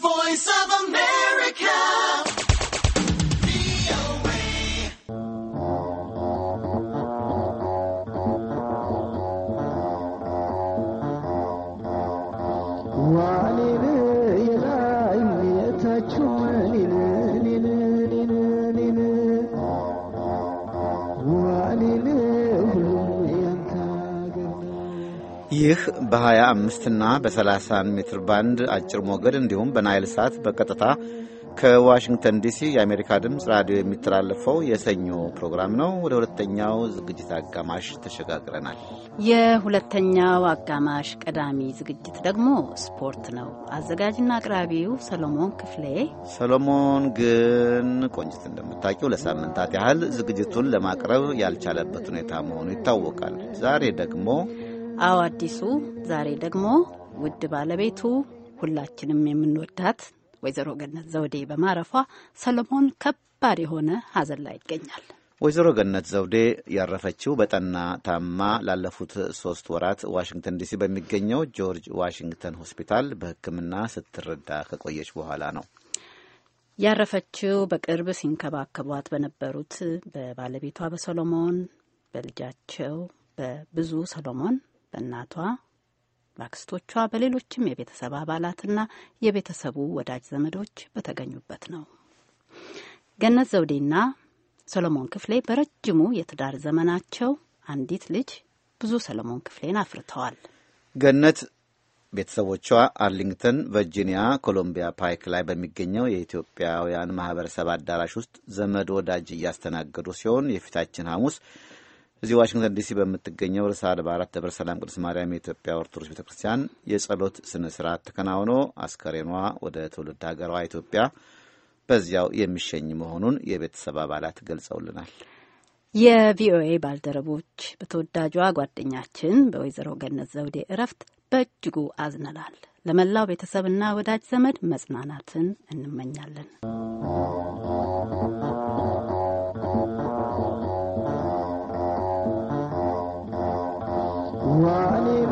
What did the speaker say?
Voice of America. ይህ በ25 እና በ30 ሜትር ባንድ አጭር ሞገድ እንዲሁም በናይል ሳት በቀጥታ ከዋሽንግተን ዲሲ የአሜሪካ ድምፅ ራዲዮ የሚተላለፈው የሰኞ ፕሮግራም ነው። ወደ ሁለተኛው ዝግጅት አጋማሽ ተሸጋግረናል። የሁለተኛው አጋማሽ ቀዳሚ ዝግጅት ደግሞ ስፖርት ነው። አዘጋጅና አቅራቢው ሰሎሞን ክፍሌ። ሰሎሞን ግን ቆንጅት እንደምታውቂው ለሳምንታት ያህል ዝግጅቱን ለማቅረብ ያልቻለበት ሁኔታ መሆኑ ይታወቃል። ዛሬ ደግሞ አዎ አዲሱ፣ ዛሬ ደግሞ ውድ ባለቤቱ ሁላችንም የምንወዳት ወይዘሮ ገነት ዘውዴ በማረፏ ሰለሞን ከባድ የሆነ ሀዘን ላይ ይገኛል። ወይዘሮ ገነት ዘውዴ ያረፈችው በጠና ታማ ላለፉት ሶስት ወራት ዋሽንግተን ዲሲ በሚገኘው ጆርጅ ዋሽንግተን ሆስፒታል በሕክምና ስትረዳ ከቆየች በኋላ ነው። ያረፈችው በቅርብ ሲንከባከቧት በነበሩት በባለቤቷ በሰሎሞን በልጃቸው በብዙ ሰሎሞን በእናቷ በአክስቶቿ በሌሎችም የቤተሰብ አባላትና የቤተሰቡ ወዳጅ ዘመዶች በተገኙበት ነው። ገነት ዘውዴና ሰሎሞን ክፍሌ በረጅሙ የትዳር ዘመናቸው አንዲት ልጅ ብዙ ሰሎሞን ክፍሌን አፍርተዋል። ገነት ቤተሰቦቿ አርሊንግተን፣ ቨርጂኒያ ኮሎምቢያ ፓይክ ላይ በሚገኘው የኢትዮጵያውያን ማህበረሰብ አዳራሽ ውስጥ ዘመድ ወዳጅ እያስተናገዱ ሲሆን የፊታችን ሐሙስ እዚህ ዋሽንግተን ዲሲ በምትገኘው ርዕሰ አድባራት ደብረ ሰላም ቅዱስ ማርያም የኢትዮጵያ ኦርቶዶክስ ቤተ ክርስቲያን የጸሎት ስነ ስርዓት ተከናውኖ አስከሬኗ ወደ ትውልድ ሀገሯ ኢትዮጵያ በዚያው የሚሸኝ መሆኑን የቤተሰብ አባላት ገልጸውልናል። የቪኦኤ ባልደረቦች በተወዳጇ ጓደኛችን በወይዘሮ ገነት ዘውዴ እረፍት በእጅጉ አዝነናል። ለመላው ቤተሰብና ወዳጅ ዘመድ መጽናናትን እንመኛለን። Running.